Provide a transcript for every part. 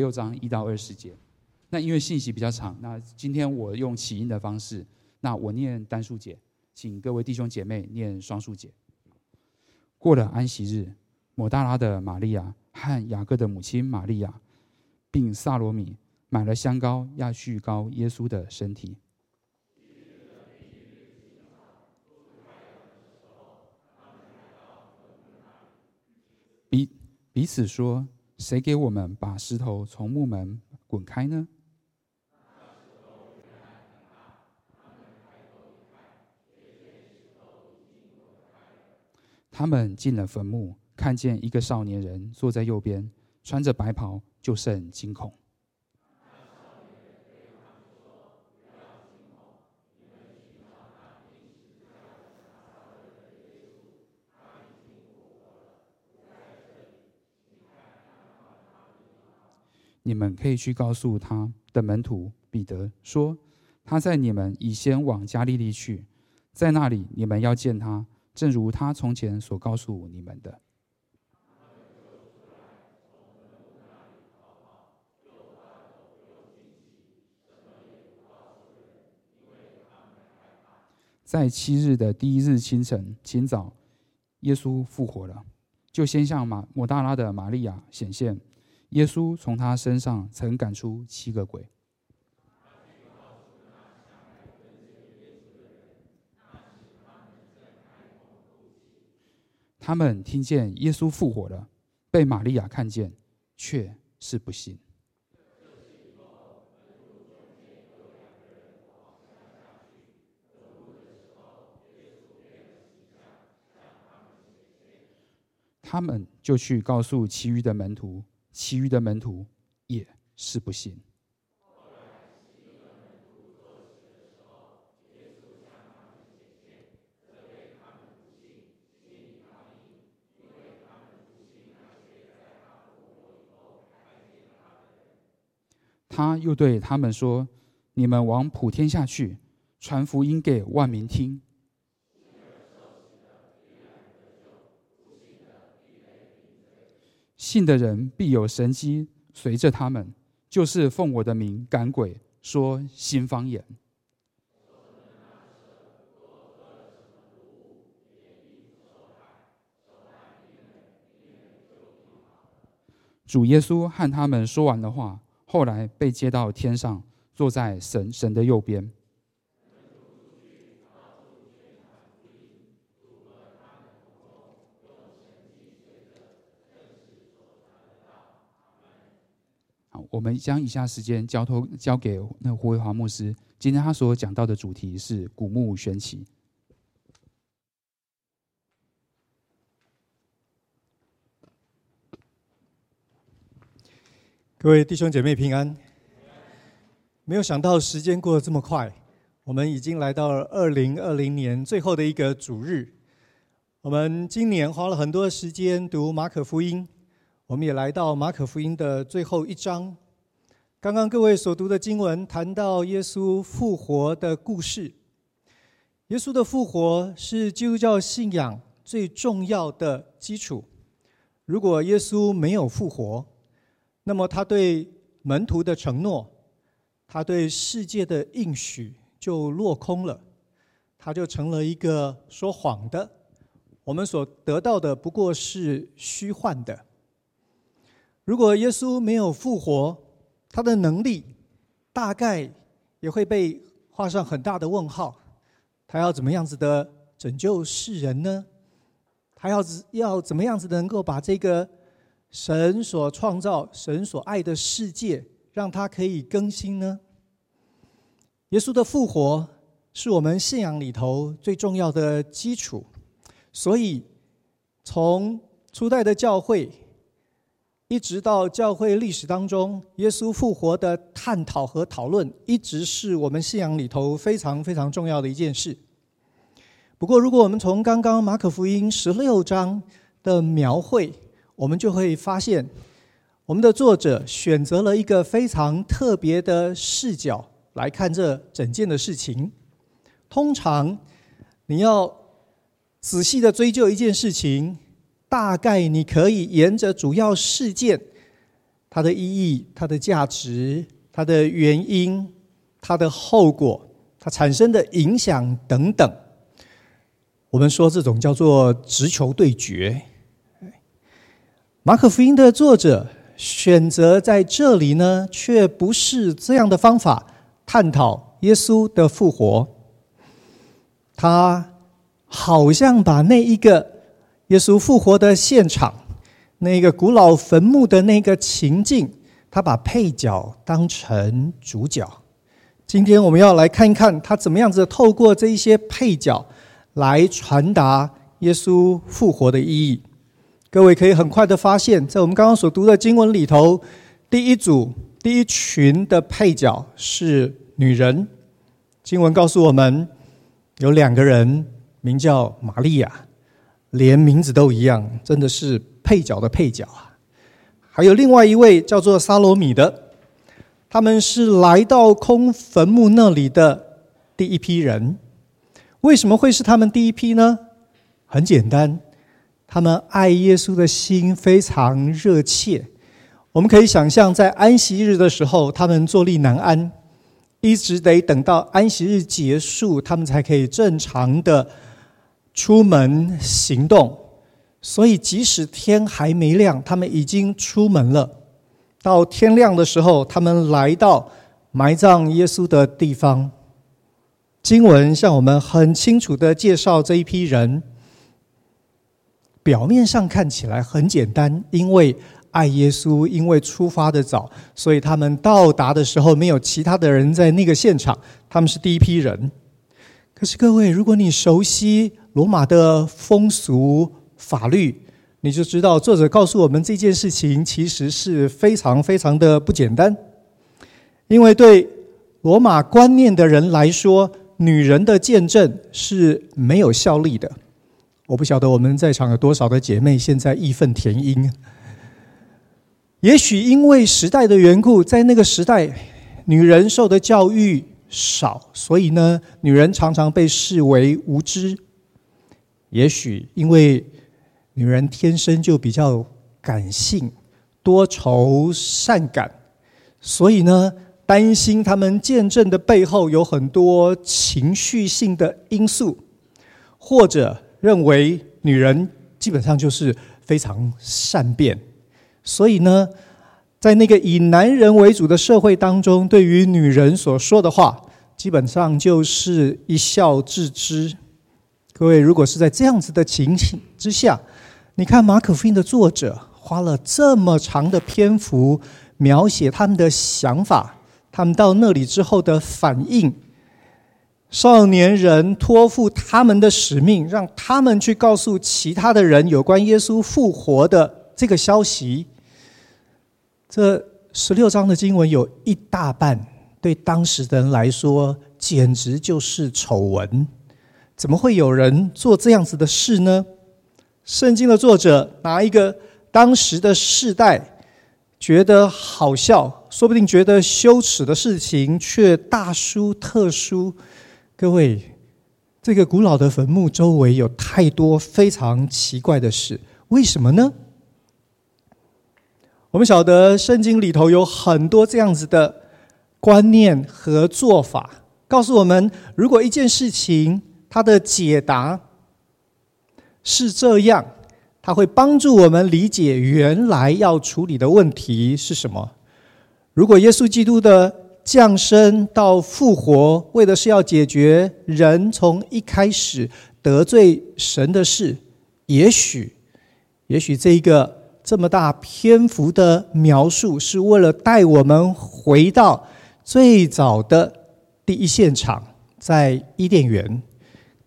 六章一到二十節，那因為信息比較長，那今天我用啟應的方式，那我念單數節，請各位弟兄姐妹念雙數節。過了安息日，抹大拉的瑪利亞和雅各的母親瑪利亞，並撒羅米買了香膏要去膏耶穌的身體，彼彼此說。誰給我們把石頭從墓門滾開呢？他們進了墳墓，看見一個少年人坐在右邊，穿着白袍，就甚驚恐。你們可以去告訴他的門徒彼得說，他在你們以先往加利利去，在那裡你們要見他，正如他從前所告訴你們的。在七日的第一日清晨，清早，耶穌復活了，就先向馬抹大拉的瑪利亞顯現。耶穌從他身上曾趕出七個鬼。他們聽見耶穌復活了，被瑪利亞看見，卻是不信。他們就去告訴其餘的門徒。其餘的門徒也是不信。他又對他們說：“你們往普天下去，傳福音給萬民聽。”信的人必有神蹟，隨着他們，就是奉我的名趕鬼，說新方言。主耶穌和他們說完的話，後來被接到天上，坐在神神的右邊。我們將以下時間交托交給那胡維華牧師。今天他所講到的主題是古墓玄奇。各位弟兄姐妹平安。沒有想到時間過得這麼快，我們已經來到了二零二零年最後的一個主日。我們今年花了很多時間讀馬可福音。我們也來到馬可福音的最後一章。剛剛各位所讀的經文談到耶穌復活的故事。耶穌的復活是基督教信仰最重要的基礎。如果耶穌沒有復活，那麼他對門徒的承諾，他對世界的應許就落空了。他就成了一個說謊的。我們所得到的不過是虛幻的。如果耶穌沒有復活，他的能力大概也會被畫上很大的問號。他要怎麼樣子的拯救世人呢？他要要怎麼樣子能夠把這個神所創造、神所愛的世界，讓他可以更新呢？耶穌的復活是我們信仰裡頭最重要的基礎，所以從初代的教會。一直到教會歷史當中，耶穌復活的探討和討論，一直是我們信仰裡頭非常非常重要的一件事。不過，如果我們從剛剛馬可福音十六章的描繪，我們就會發現，我們的作者選擇了一個非常特別的視角來看這整件的事情。通常，你要仔細的追究一件事情。大概你可以沿着主要事件，它的意義、它的價值、它的原因、它的後果、它產生的影響等等，我們說這種叫做直球對決。馬可福音的作者選擇在這裡呢，卻不是這樣的方法探討耶穌的復活，他好像把那一個。耶穌復活的現場，那個古老墳墓的那個情境，他把配角當成主角。今天我們要來看一看，他怎麼樣子透過這一些配角來傳達耶穌復活的意義。各位可以很快地發現，在我們剛剛所讀的經文裡頭，第一組、第一群的配角是女人。經文告訴我們，有兩個人名叫瑪利亞。連名字都一樣，真的是配角的配角啊！還有另外一位叫做撒羅米的，他們是來到空墳墓那裡的第一批人。為什麼會是他們第一批呢？很簡單，他們愛耶穌的心非常熱切。我們可以想象，在安息日的時候，他們坐立難安，一直得等到安息日結束，他們才可以正常的。出門行動，所以即使天還沒亮，他們已經出門了。到天亮的時候，他們來到埋葬耶穌的地方。經文向我們很清楚地介紹這一批人。表面上看起來很簡單，因為愛耶穌，因為出發得早，所以他們到達的時候沒有其他的人在那個現場，他們是第一批人。可是各位，如果你熟悉羅馬的風俗法律，你就知道作者告訴我們這件事情其實是非常非常的不簡單。因為對羅馬觀念的人來說，女人的見證是沒有效力的。我不曉得我們在場有多少的姐妹現在義憤填膺。也許因為時代的緣故，在那個時代，女人受的教育。少，所以呢，女人常常被視為無知。也許因為女人天生就比較感性、多愁善感，所以呢，擔心他們見證的背後有很多情緒性的因素，或者認為女人基本上就是非常善變，所以呢。在那個以男人為主的社會當中，對於女人所說的話，基本上就是一笑置之。各位，如果是在這樣子的情形之下，你看《馬可福音》的作者花了這麼長的篇幅描寫他們的想法，他們到那裡之後的反應，少年人托付他們的使命，讓他們去告訴其他的人有關耶穌復活的這個消息。這十六章的經文有一大半，對當時的人來說，簡直就是醜聞。怎麼會有人做這樣子的事呢？聖經的作者拿一個當時的世代，覺得好笑，說不定覺得羞恥的事情，卻大書特書。各位，這個古老的墳墓周圍有太多非常奇怪的事，為什麼呢？我們曉得聖經裡頭有很多這樣子的觀念和做法，告訴我們，如果一件事情它的解答是這樣，它會幫助我們理解原來要處理的問題是什麼。如果耶穌基督的降生到復活，為的是要解決人從一開始得罪神的事，也許，也許這一個。這麼大篇幅的描述，是為了帶我們回到最早的第一現場，在伊甸園。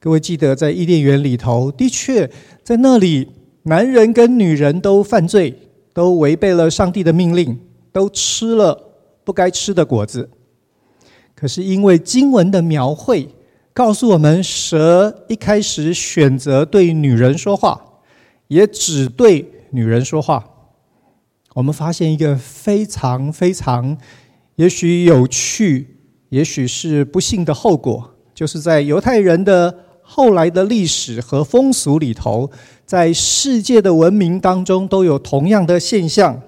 各位記得，在伊甸園裡頭，的確在那裡，男人跟女人都犯罪，都違背了上帝的命令，都吃了不該吃的果子。可是，因為經文的描繪告訴我們，蛇一開始選擇對女人說話，也只對。女人說話，我們發現一個非常非常，也許有趣，也許是不幸的後果，就是在猶太人的後來的歷史和風俗裡頭，在世界的文明當中都有同樣的現象，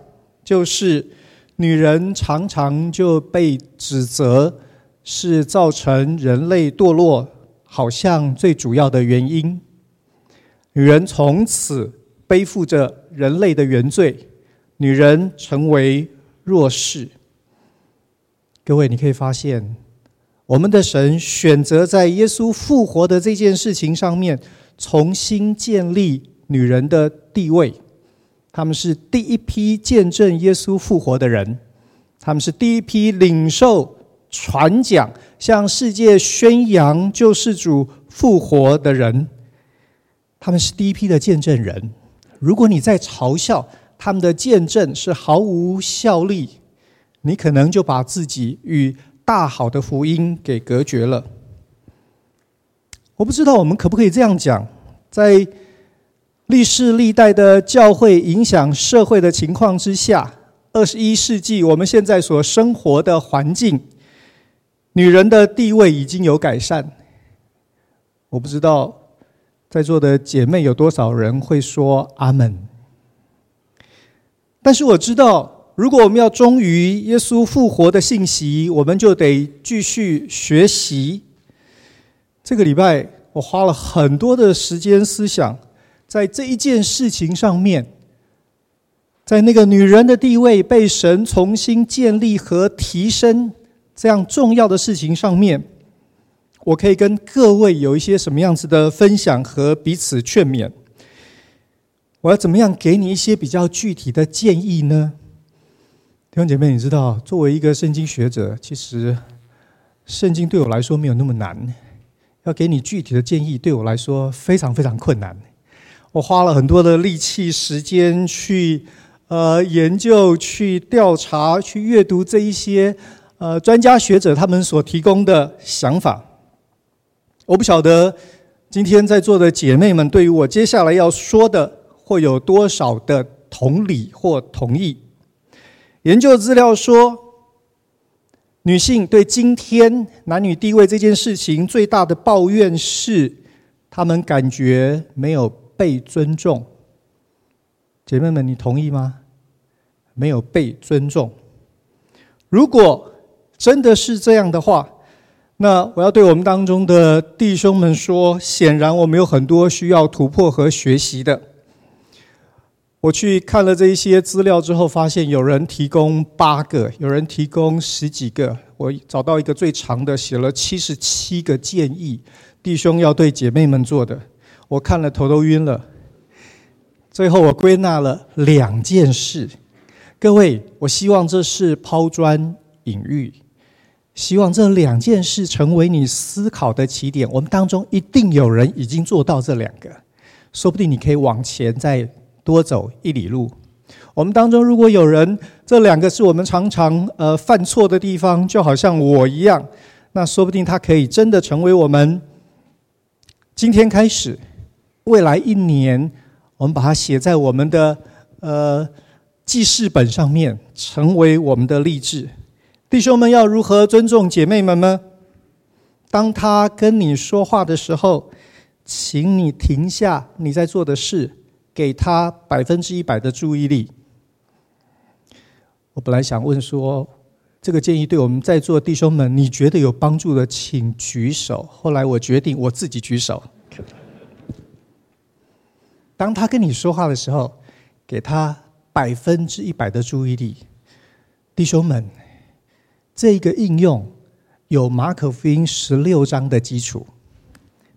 就是女人常常就被指責是造成人類墮落，好像最主要的原因。女人從此背負着。人類的原罪，女人成為弱勢。各位，你可以發現，我們的神選擇在耶穌復活的這件事情上面，重新建立女人的地位。他們是第一批見證耶穌復活的人，他們是第一批領受傳講、向世界宣揚救世主復活的人，他們是第一批的見證人。如果你在嘲笑他們的見證是毫無效力，你可能就把自己與大好的福音給隔絕了。我不知道我們可不可以這樣講，在歷世歷代的教會影響社會的情況之下，二十一世紀我們現在所生活的環境，女人的地位已經有改善。我不知道。在座的姐妹，有多少人會說阿們？但是我知道，如果我們要忠於耶穌復活的信息，我們就得繼續學習。這個禮拜，我花了很多的時間思想，在這一件事情上面，在那個女人的地位被神重新建立和提升這樣重要的事情上面。我可以跟各位有一些什麼樣子的分享和彼此勸勉？我要怎麼樣給你一些比較具體的建議呢？弟兄姐妹，你知道，作為一個聖經學者，其實聖經對我來說沒有那麼難。要給你具體的建議，對我來說非常非常困難。我花了很多的力氣、時間去呃研究，去調查、去閱讀這一些呃專家學者他們所提供的想法。我不曉得今天在座的姐妹們對於我接下來要說的會有多少的同理或同意。研究資料說，女性對今天男女地位這件事情最大的抱怨是，她們感覺沒有被尊重。姐妹們，你同意嗎？沒有被尊重。如果真的是這樣的話，那我要對我們當中的弟兄們說，顯然我們有很多需要突破和學習的。我去看了這一些資料之後，發現有人提供八個，有人提供十幾個。我找到一個最長的，寫了七十七個建議，弟兄要對姐妹們做的。我看了頭都暈了。最後我歸納了兩件事，各位，我希望這是拋磚引玉。希望這兩件事成為你思考的起點。我們當中一定有人已經做到這兩個，說不定你可以往前再多走一里路。我們當中如果有人這兩個是我們常常呃犯錯的地方，就好像我一樣，那說不定他可以真的成為我們今天開始，未來一年，我們把它寫在我們的呃記事本上面，成為我們的勵志。弟兄們要如何尊重姐妹們呢？當他跟你說話的時候，請你停下你在做的事，給他百分之一百的注意力。我本來想問說，這個建議對我們在座弟兄們，你覺得有幫助的，請舉手。後來我決定我自己舉手。當他跟你說話的時候，給他百分之一百的注意力，弟兄們。這一個應用有馬可福音十六章的基礎，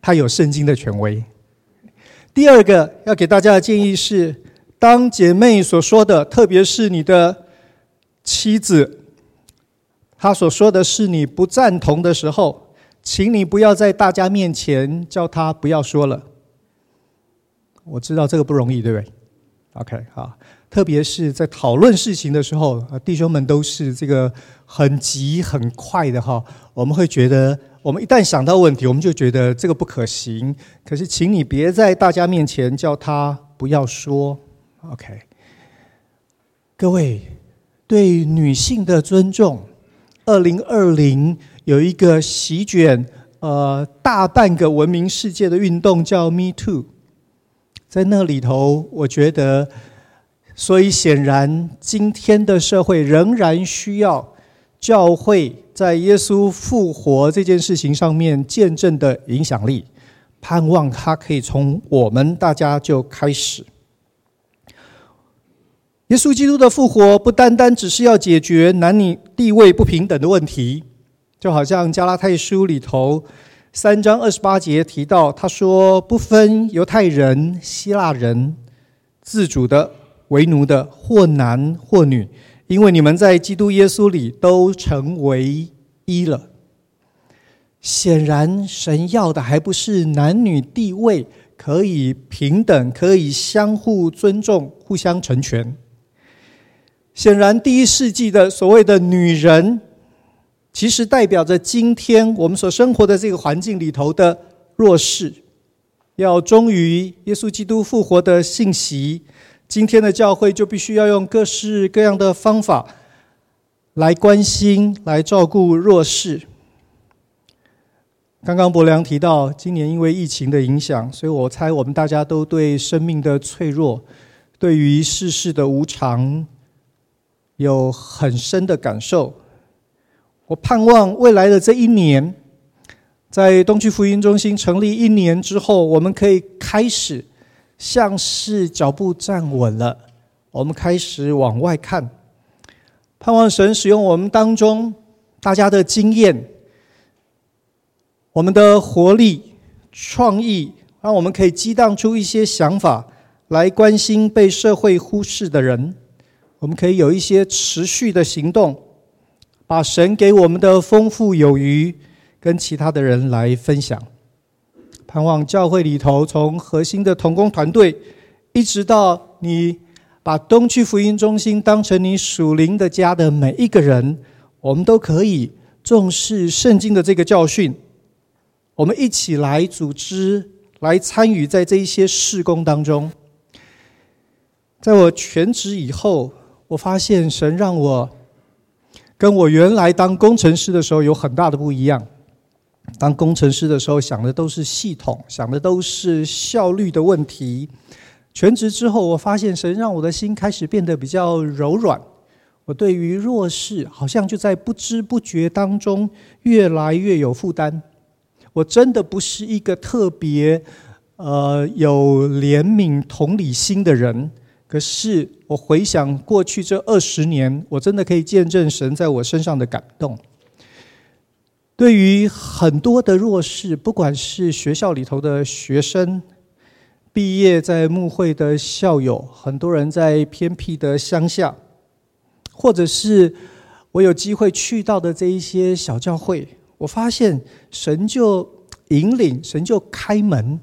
它有聖經的權威。第二個要給大家的建議是：當姐妹所說的，特別是你的妻子，她所說的是你不贊同的時候，請你不要在大家面前叫她不要說了。我知道這個不容易，對不對？OK，好，特別是在討論事情的時候，弟兄們都是這個。很急很快的哈，我們會覺得，我們一旦想到問題，我們就覺得這個不可行。可是，請你別在大家面前叫他不要說，OK？各位，對女性的尊重，二零二零有一個席卷呃大半個文明世界的運動叫 Me Too，在那裡頭，我覺得，所以顯然今天的社會仍然需要。教會在耶穌復活這件事情上面見證的影響力，盼望他可以從我們大家就開始。耶穌基督的復活不單單只是要解決男女地位不平等的問題，就好像加拉太書裡頭三章二十八節提到，他說不分猶太人、希臘人，自主的、為奴的，或男或女。因為你們在基督耶穌裡都成為一了。顯然，神要的還不是男女地位可以平等，可以相互尊重，互相成全。顯然，第一世紀的所謂的女人，其實代表着今天我們所生活的這個環境裡頭的弱勢。要忠於耶穌基督復活的信息。今天的教會就必須要用各式各樣的方法來關心、來照顧弱勢。剛剛伯良提到，今年因為疫情的影響，所以我猜我們大家都對生命的脆弱、對於世事的無常有很深的感受。我盼望未來的這一年，在東區福音中心成立一年之後，我們可以開始。像是腳步站穩了，我們開始往外看，盼望神使用我們當中大家的經驗，我們的活力、創意，讓我們可以激盪出一些想法，來關心被社會忽視的人。我們可以有一些持續的行動，把神給我們的豐富有餘，跟其他的人來分享。盼望教會裡頭，從核心的同工團隊，一直到你把東區福音中心當成你屬靈的家的每一個人，我們都可以重視聖經的這個教訓。我們一起來組織、來參與在這一些事工當中。在我全職以後，我發現神讓我跟我原來當工程師的時候有很大的不一樣。當工程師的時候，想的都是系統，想的都是效率的問題。全職之後，我發現神讓我的心開始變得比較柔軟。我對於弱勢，好像就在不知不覺當中越來越有負擔。我真的不是一個特別，呃，有憐憫同理心的人。可是我回想過去這二十年，我真的可以見證神在我身上的感動。對於很多的弱勢，不管是學校裡頭的學生，畢業在牧會的校友，很多人在偏僻的鄉下，或者是我有機會去到的這一些小教會，我發現神就引領，神就開門，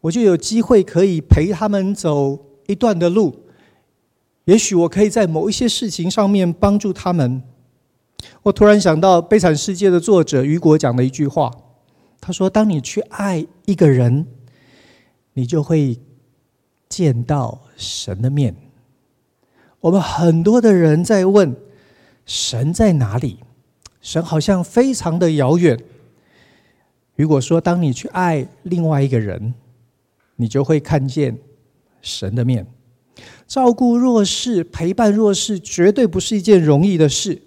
我就有機會可以陪他們走一段的路，也許我可以在某一些事情上面幫助他們。我突然想到《悲慘世界》的作者雨果講的一句話，他說：“當你去愛一個人，你就會見到神的面。”我們很多的人在問：“神在哪裡？”神好像非常的遙遠。如果說當你去愛另外一個人，你就會看見神的面。照顧弱勢、陪伴弱勢，絕對不是一件容易的事。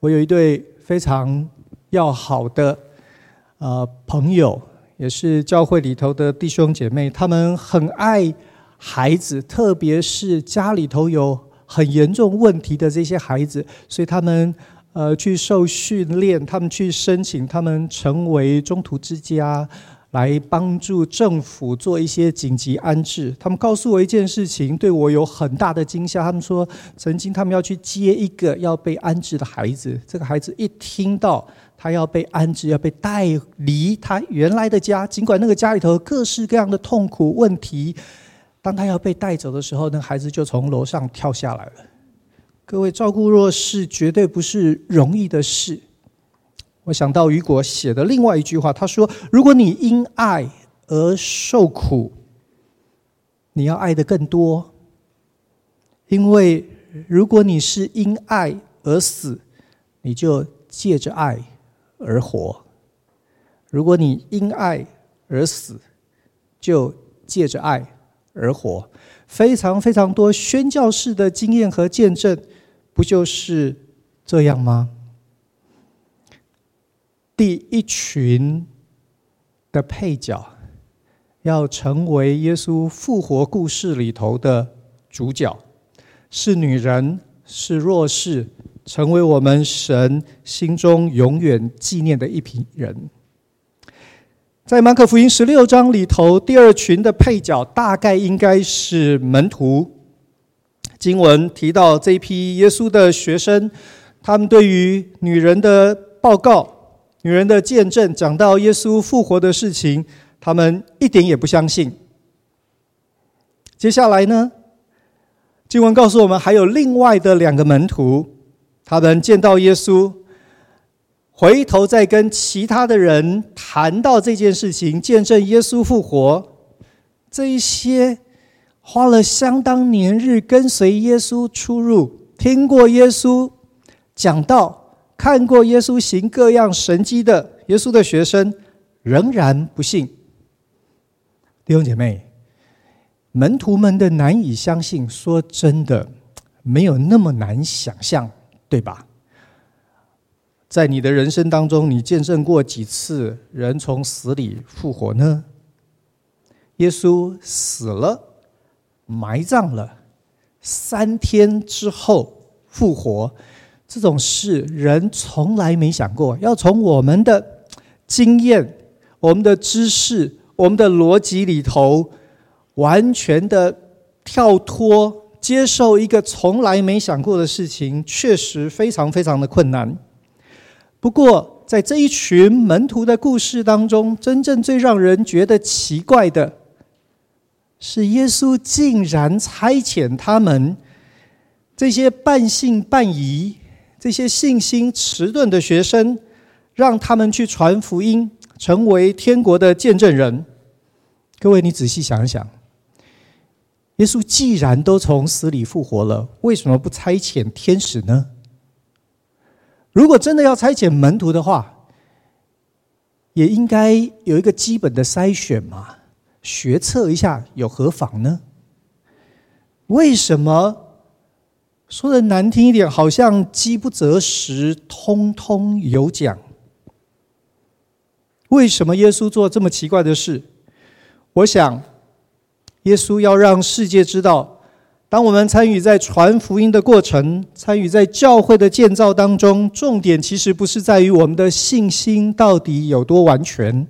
我有一對非常要好的呃朋友，也是教會裡頭的弟兄姐妹，他們很愛孩子，特別是家裡頭有很嚴重問題的這些孩子，所以他們呃去受訓練，他們去申請，他們成為中途之家。來幫助政府做一些緊急安置。他們告訴我一件事情，對我有很大的驚嚇。他們說，曾經他們要去接一個要被安置的孩子，這個孩子一聽到他要被安置，要被帶離他原來的家，儘管那個家裡頭各式各樣的痛苦問題，當他要被帶走的時候，那孩子就從樓上跳下來了。各位，照顧弱勢絕對不是容易的事。我想到雨果寫的另外一句話，他說：“如果你因愛而受苦，你要愛得更多。因為如果你是因愛而死，你就借着愛而活。如果你因愛而死，就借着愛而活。非常非常多宣教士的經驗和見證，不就是這樣嗎？”第一群的配角要成為耶穌復活故事裡頭的主角，是女人，是弱勢，成為我們神心中永遠紀念的一批人。在馬可福音十六章裡頭，第二群的配角大概應該是門徒。經文提到這一批耶穌的學生，他們對於女人的報告。女人的見證講到耶穌復活的事情，他們一點也不相信。接下來呢？經文告訴我們，還有另外的兩個門徒，他們見到耶穌，回頭再跟其他的人談到這件事情，見證耶穌復活。這一些花了相當年日跟隨耶穌出入，聽過耶穌講道看過耶穌行各樣神蹟的耶穌的學生，仍然不信。弟兄姐妹，門徒們的難以相信，說真的，沒有那麼難想象，對吧？在你的人生當中，你見證過幾次人從死裡復活呢？耶穌死了，埋葬了，三天之後復活。這種事，人從來沒想過。要從我們的經驗、我們的知識、我們的邏輯裡頭，完全的跳脫，接受一個從來沒想過的事情，確實非常非常的困難。不過，在這一群門徒的故事當中，真正最讓人覺得奇怪的，是耶穌竟然差遣他們這些半信半疑。那些信心遲鈍的學生，讓他們去傳福音，成為天國的見證人。各位，你仔細想一想，耶穌既然都從死裡復活了，為什麼不差遣天使呢？如果真的要差遣門徒的話，也應該有一個基本的篩選嘛，學測一下有何妨呢？為什麼？說得難聽一點，好像飢不擇食，通通有講。為什麼耶穌做這麼奇怪的事？我想，耶穌要讓世界知道，當我們參與在傳福音的過程，參與在教會的建造當中，重點其實不是在於我們的信心到底有多完全，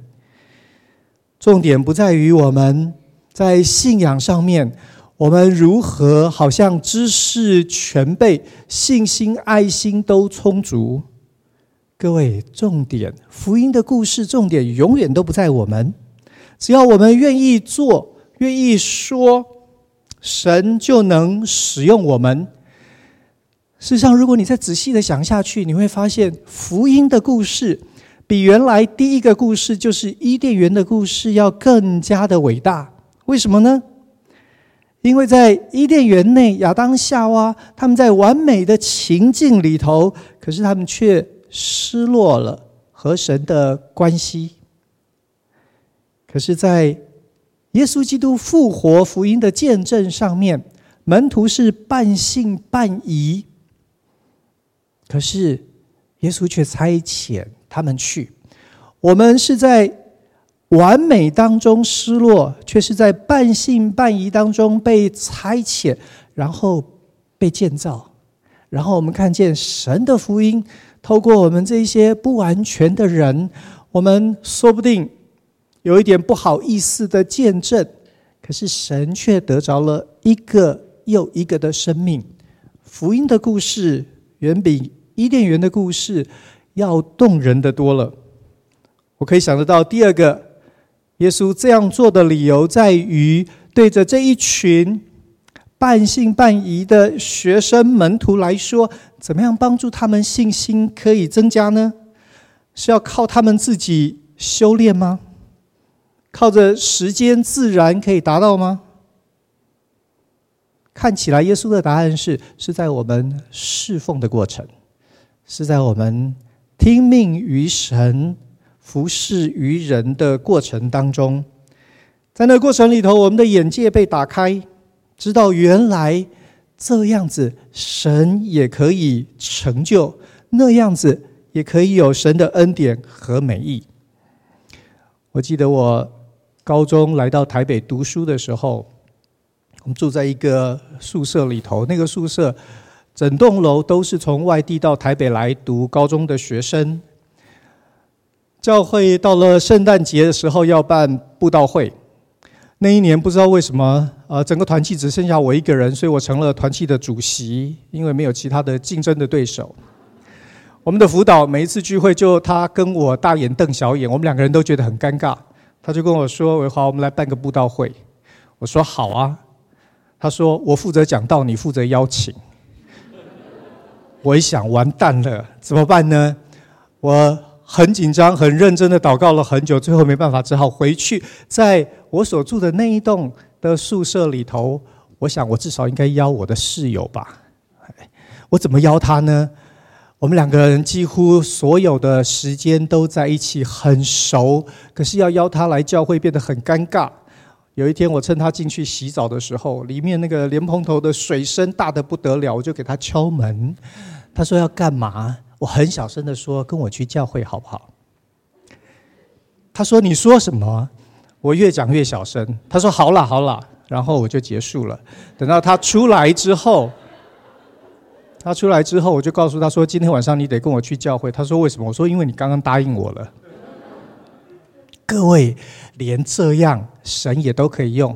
重點不在於我們在信仰上面。我們如何好像知識全備、信心、愛心都充足？各位，重點福音的故事重點永遠都不在我們，只要我們願意做、願意說，神就能使用我們。事實上，如果你再仔細的想下去，你會發現福音的故事比原來第一個故事，就是伊甸園的故事，要更加的偉大。為什麼呢？因為在伊甸園內，亞當夏娃他們在完美的情境裡頭，可是他們卻失落了和神的關係。可是，在耶穌基督復活福音的見證上面，門徒是半信半疑，可是耶穌卻差遣他們去。我們是在完美當中失落，卻是在半信半疑當中被差遣，然後被建造，然後我們看見神的福音透過我們這些不完全的人，我們說不定有一點不好意思的見證，可是神卻得着了一個又一個的生命。福音的故事遠比伊甸園的故事要動人得多了。我可以想得到第二個。耶穌這樣做的理由在於，對着這一群半信半疑的學生門徒來說，怎麼樣幫助他們信心可以增加呢？是要靠他們自己修煉嗎？靠着時間自然可以達到嗎？看起來，耶穌的答案是：是在我們侍奉的過程，是在我們聽命於神。服侍於人的過程當中，在那個過程裡頭，我們的眼界被打開，知道原來這樣子，神也可以成就，那樣子也可以有神的恩典和美意。我記得我高中來到台北讀書的時候，我們住在一個宿舍裡頭，那個宿舍整棟樓都是從外地到台北來讀高中的學生。教會到了聖誕節的時候要辦布道會，那一年不知道為什麼，呃，整個團契只剩下我一個人，所以我成了團契的主席，因為沒有其他的競爭的對手。我們的輔導每一次聚會就他跟我大眼瞪小眼，我們兩個人都覺得很尷尬。他就跟我說：“維華，我們來辦個布道會。”我說：“好啊。”他說：“我負責講道，你負責邀請。”我一想，完蛋了，怎麼辦呢？我。很緊張，很認真的禱告了很久，最後沒辦法，只好回去。在我所住的那一棟的宿舍裡頭，我想我至少應該邀我的室友吧。我怎麼邀他呢？我們兩個人幾乎所有的時間都在一起，很熟。可是要邀他來教會，變得很尷尬。有一天，我趁他進去洗澡的時候，裡面那個蓮蓬頭的水聲大得不得了，我就給他敲門。他說要幹嘛？我很小聲的說：“跟我去教會好不好？”他說：“你說什麼？”我越講越小聲。他說：“好啦好啦。”然後我就結束了。等到他出來之後，他出來之後，我就告訴他說：“今天晚上你得跟我去教會。”他說：“為什麼？”我說：“因為你剛剛答應我了。”各位，連這樣神也都可以用。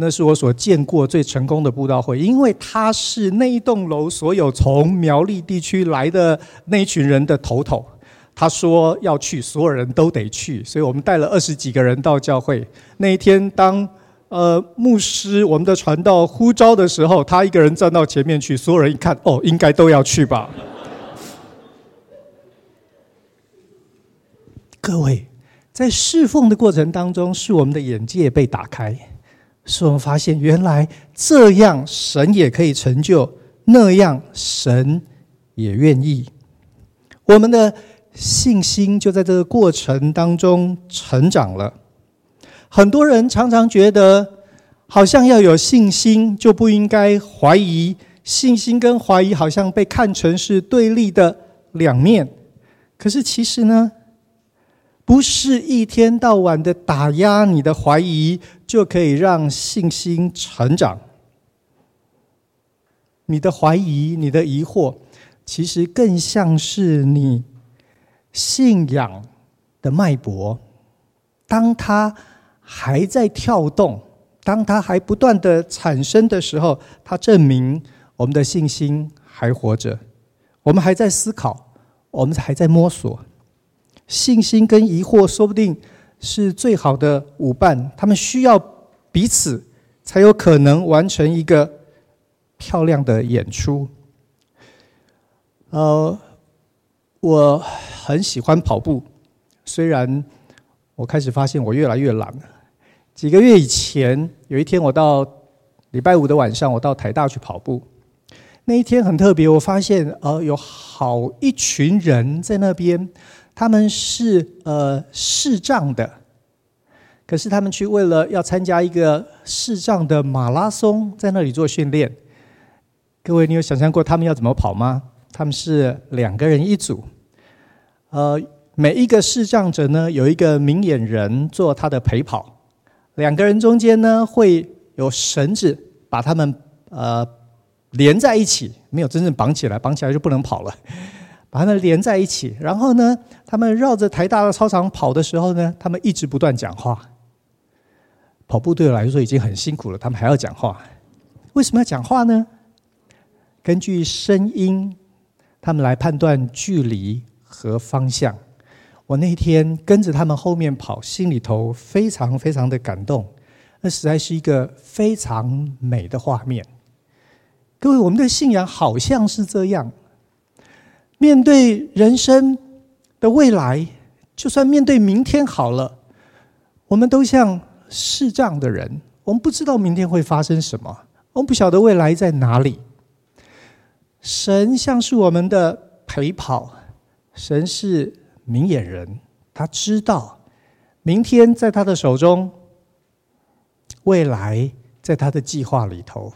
那是我所見過最成功的佈道會，因為他是那一棟樓所有從苗栗地區來的那一群人的頭頭。他說要去，所有人都得去，所以我們帶了二十幾個人到教會。那一天，當呃牧師我們的傳道呼召的時候，他一個人站到前面去，所有人一看，哦，應該都要去吧。各位，在侍奉的過程當中，是我們的眼界被打開。是我們發現，原來這樣神也可以成就，那樣神也願意。我們的信心就在這個過程當中成長了。很多人常常覺得，好像要有信心就不應該懷疑，信心跟懷疑好像被看成是對立的兩面。可是其實呢？不是一天到晚的打壓你的懷疑，就可以讓信心成長。你的懷疑、你的疑惑，其實更像是你信仰的脈搏。當它還在跳動，當它還不斷的產生的時候，它證明我們的信心還活着，我們還在思考，我們還在摸索。信心跟疑惑，說不定是最好的舞伴。他們需要彼此，才有可能完成一個漂亮的演出。呃，我很喜歡跑步，雖然我開始發現我越來越懶了。幾個月以前，有一天我到禮拜五的晚上，我到台大去跑步。那一天很特別，我發現呃，有好一群人在那邊。他們是呃視障的，可是他們去為了要參加一個視障的馬拉松，在那裡做訓練。各位，你有想象過他們要怎麼跑嗎？他們是兩個人一組，呃，每一個視障者呢，有一個明眼人做他的陪跑，兩個人中間呢會有繩子把他們呃連在一起，沒有真正綁起來，綁起來就不能跑了。把他們連在一起，然後呢，他們繞着台大的操場跑的時候呢，他們一直不斷講話。跑步對我來說已經很辛苦了，他們還要講話，為什麼要講話呢？根據聲音，他們來判斷距離和方向。我那一天跟着他們後面跑，心裡頭非常非常的感動，那實在是一個非常美的畫面。各位，我們的信仰好像是這樣。面對人生的未來，就算面對明天好了，我們都像視障的人，我們不知道明天會發生什麼，我們不曉得未來在哪裡。神像是我們的陪跑，神是明眼人，他知道明天在他的手中，未來在他的計劃裡頭，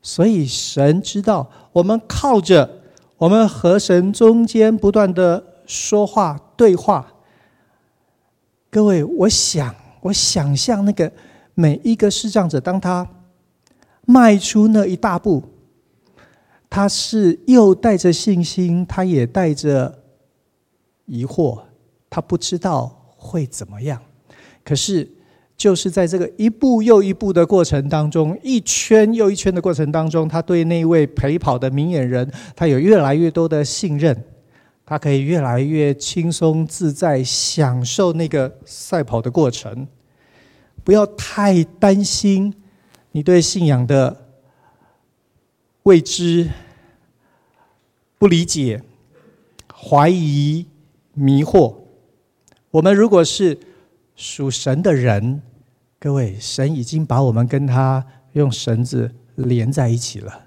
所以神知道我們靠着。我們和神中間不斷的說話對話，各位，我想我想象那個每一個視障者，當他邁出那一大步，他是又帶着信心，他也帶着疑惑，他不知道會怎麼樣，可是。就是在這個一步又一步的過程當中，一圈又一圈的過程當中，他對那位陪跑的明眼人，他有越來越多的信任，他可以越來越輕鬆自在，享受那個賽跑的過程。不要太擔心你對信仰的未知、不理解、懷疑、迷惑。我們如果是。屬神的人，各位，神已經把我們跟他用繩子連在一起了。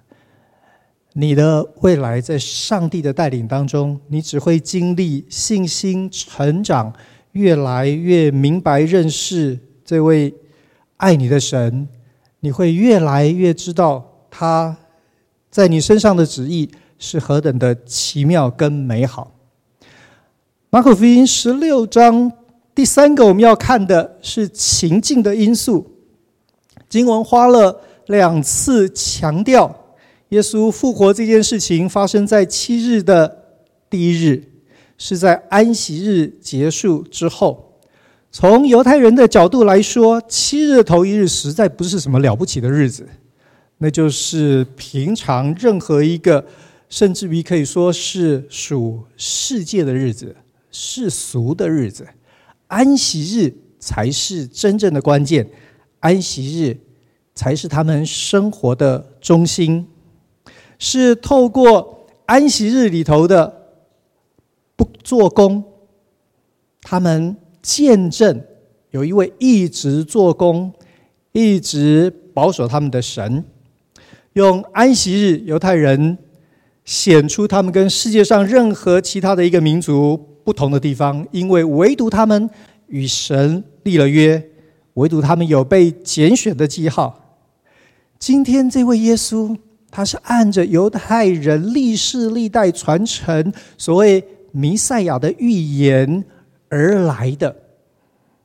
你的未來在上帝的帶領當中，你只會經歷信心成長，越來越明白認識這位愛你的神。你會越來越知道他在你身上的旨意是何等的奇妙跟美好。馬可福音十六章。第三個我們要看的是情境的因素。經文花了兩次強調，耶穌復活這件事情發生在七日的第一日，是在安息日結束之後。從猶太人的角度來說，七日頭一日實在不是什麼了不起的日子，那就是平常任何一個，甚至於可以說是屬世界的日子、世俗的日子。安息日才是真正的關鍵，安息日才是他們生活的中心，是透過安息日裡頭的不做工，他們見證有一位一直做工、一直保守他們的神，用安息日猶太人顯出他們跟世界上任何其他的一個民族，不同的地方，因為唯獨他們與神立了約，唯獨他們有被揀選的記號。今天這位耶穌，他是按着猶太人歷世歷代傳承所謂彌賽亞的預言而來的，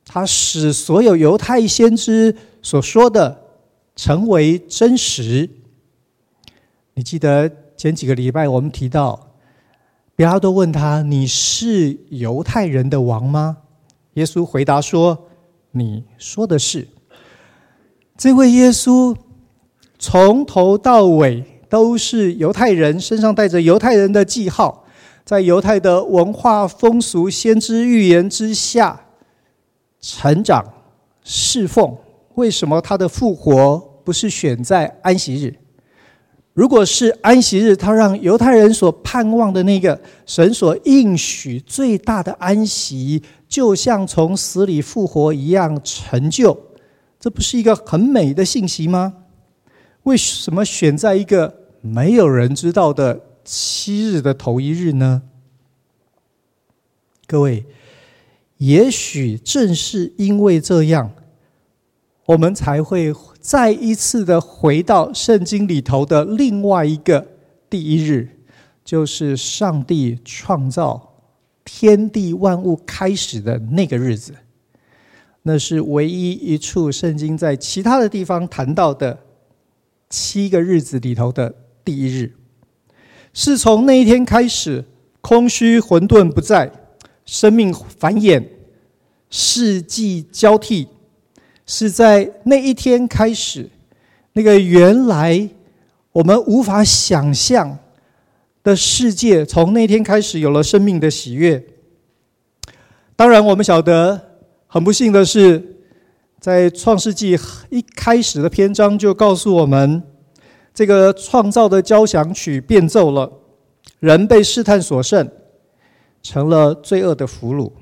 他使所有猶太先知所說的成為真實。你記得前幾個禮拜我們提到，彼拉多問他：“你是猶太人的王嗎？”耶穌回答說：“你說的是。”這位耶穌從頭到尾都是猶太人，身上帶着猶太人的記號，在猶太的文化風俗、先知預言之下成長侍奉。為什麼他的復活不是選在安息日？如果是安息日，他讓猶太人所盼望的那個神所應許最大的安息，就像從死裡復活一樣成就，這不是一個很美的信息嗎？為什麼選在一個沒有人知道的七日的頭一日呢？各位，也許正是因為這樣，我們才會再一次的回到聖經裡頭的另外一個第一日，就是上帝創造天地萬物開始的那個日子。那是唯一一處聖經在其他的地方談到的七個日子裡頭的第一日，是從那一天開始，空虛混沌不再，生命繁衍，四季交替。是在那一天開始，那個原來我們無法想象的世界，從那天開始有了生命的喜悅。當然，我們曉得很不幸的是，在創世紀一開始的篇章就告訴我們，這個創造的交響曲變奏了，人被試探所勝，成了罪惡的俘虜。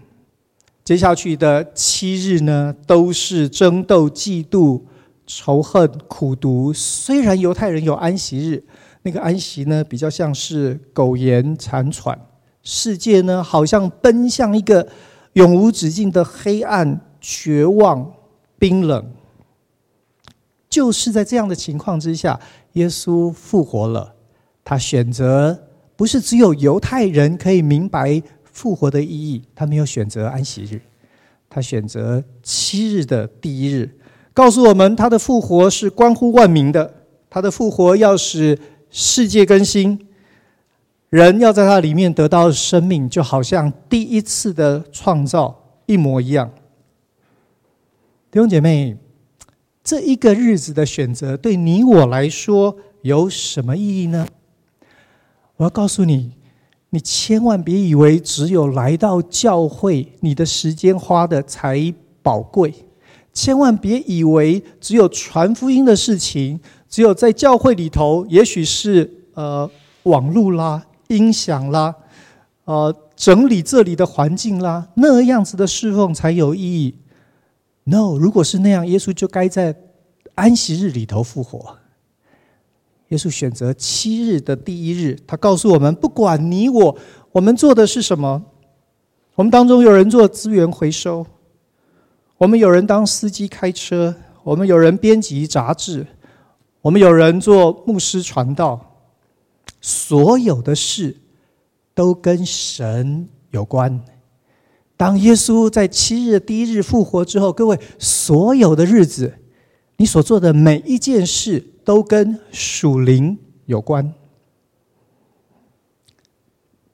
接下去的七日呢，都是爭鬥、嫉妒、仇恨、苦毒。雖然猶太人有安息日，那個安息呢，比較像是苟延殘喘。世界呢，好像奔向一個永無止境的黑暗、絕望、冰冷。就是在這樣的情況之下，耶穌復活了。他選擇不是只有猶太人可以明白。復活的意義，他沒有選擇安息日，他選擇七日的第一日，告訴我們他的復活是關乎萬民的，他的復活要使世界更新，人要在他裡面得到生命，就好像第一次的創造一模一樣。弟兄姐妹，這一個日子的選擇對你我來說有什麼意義呢？我要告訴你。你千萬別以為只有來到教會，你的時間花的才寶貴。千萬別以為只有傳福音的事情，只有在教會裡頭也，也許是呃網絡啦、音響啦、呃整理這裡的環境啦，那樣子的侍奉才有意義。No，如果是那樣，耶穌就該在安息日裡頭復活。耶穌選擇七日的第一日，他告訴我們：不管你我，我們做的是什麼，我們當中有人做資源回收，我們有人當司機開車，我們有人編輯雜誌，我們有人做牧師傳道，所有的事都跟神有關。當耶穌在七日的第一日復活之後，各位，所有的日子。你所做的每一件事都跟屬靈有關。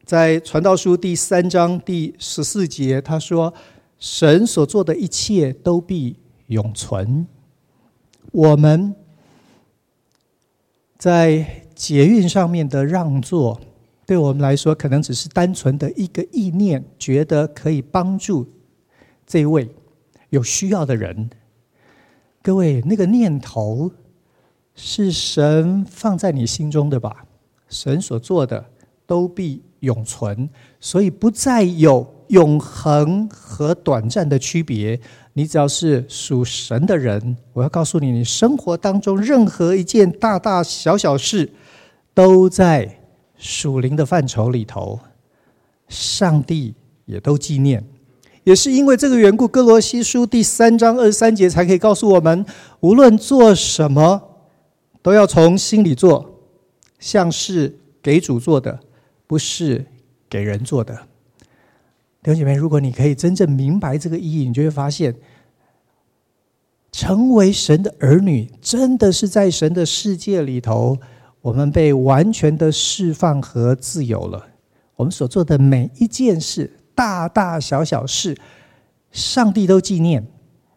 在傳道書第三章第十四節，他說：“神所做的一切都必永存。”我們，在捷運上面的讓座，對我們來說，可能只是單純的一個意念，覺得可以幫助這位有需要的人。各位，那個念頭是神放在你心中的吧？神所做的都必永存，所以不再有永恆和短暫的區別。你只要是屬神的人，我要告訴你，你生活當中任何一件大大小小事，都在屬靈的範疇裡頭，上帝也都紀念。也是因為這個緣故，《哥羅西書》第三章二十三節才可以告訴我們：無論做什麼，都要從心裡做，像是給主做的，不是給人做的。弟兄姐妹，如果你可以真正明白這個意義，你就會發現，成為神的兒女，真的是在神的世界裡頭，我們被完全的釋放和自由了。我們所做的每一件事。大大小小事，上帝都紀念，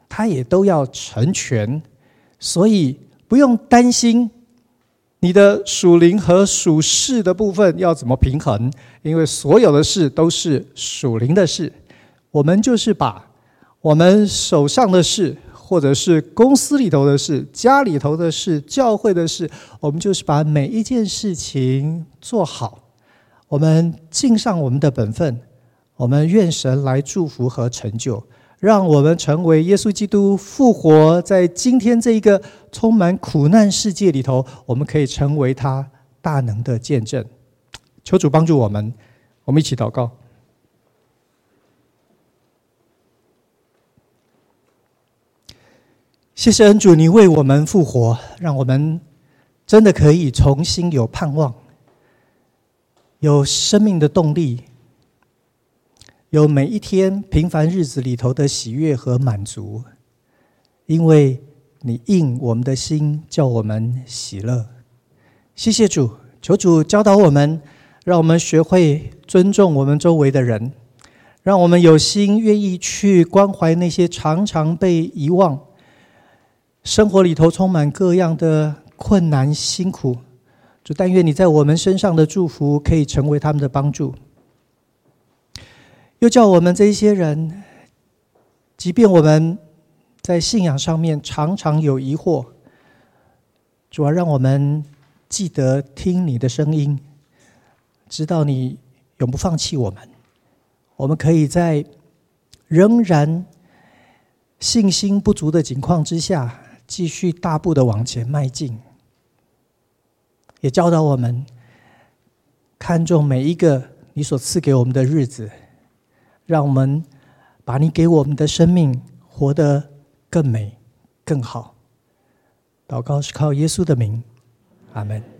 他也都要成全，所以不用擔心你的屬靈和屬世的部分要怎麼平衡，因為所有的事都是屬靈的事。我們就是把我們手上的事，或者是公司裡頭的事、家裡頭的事、教會的事，我們就是把每一件事情做好，我們盡上我們的本分。我們願神來祝福和成就，讓我們成為耶穌基督復活，在今天這一個充滿苦難世界裡頭，我們可以成為他大能的見證。求主幫助我們，我們一起禱告。謝謝恩主，你為我們復活，讓我們真的可以重新有盼望，有生命的動力。有每一天平凡日子裡頭的喜悅和滿足，因為你應我們的心，叫我們喜樂。謝謝主，求主教導我們，讓我們學會尊重我們周圍的人，讓我們有心願意去關懷那些常常被遺忘、生活裡頭充滿各樣的困難辛苦。主，但願你在我們身上的祝福，可以成為他們的幫助。又叫我們這一些人，即便我們在信仰上面常常有疑惑，主要讓我們記得聽你的聲音，知道你永不放棄我們。我們可以在仍然信心不足的情況之下，繼續大步的往前邁進。也教導我們看重每一個你所賜給我們的日子。讓我們把你給我們的生命活得更美、更好。禱告是靠耶穌的名，阿門。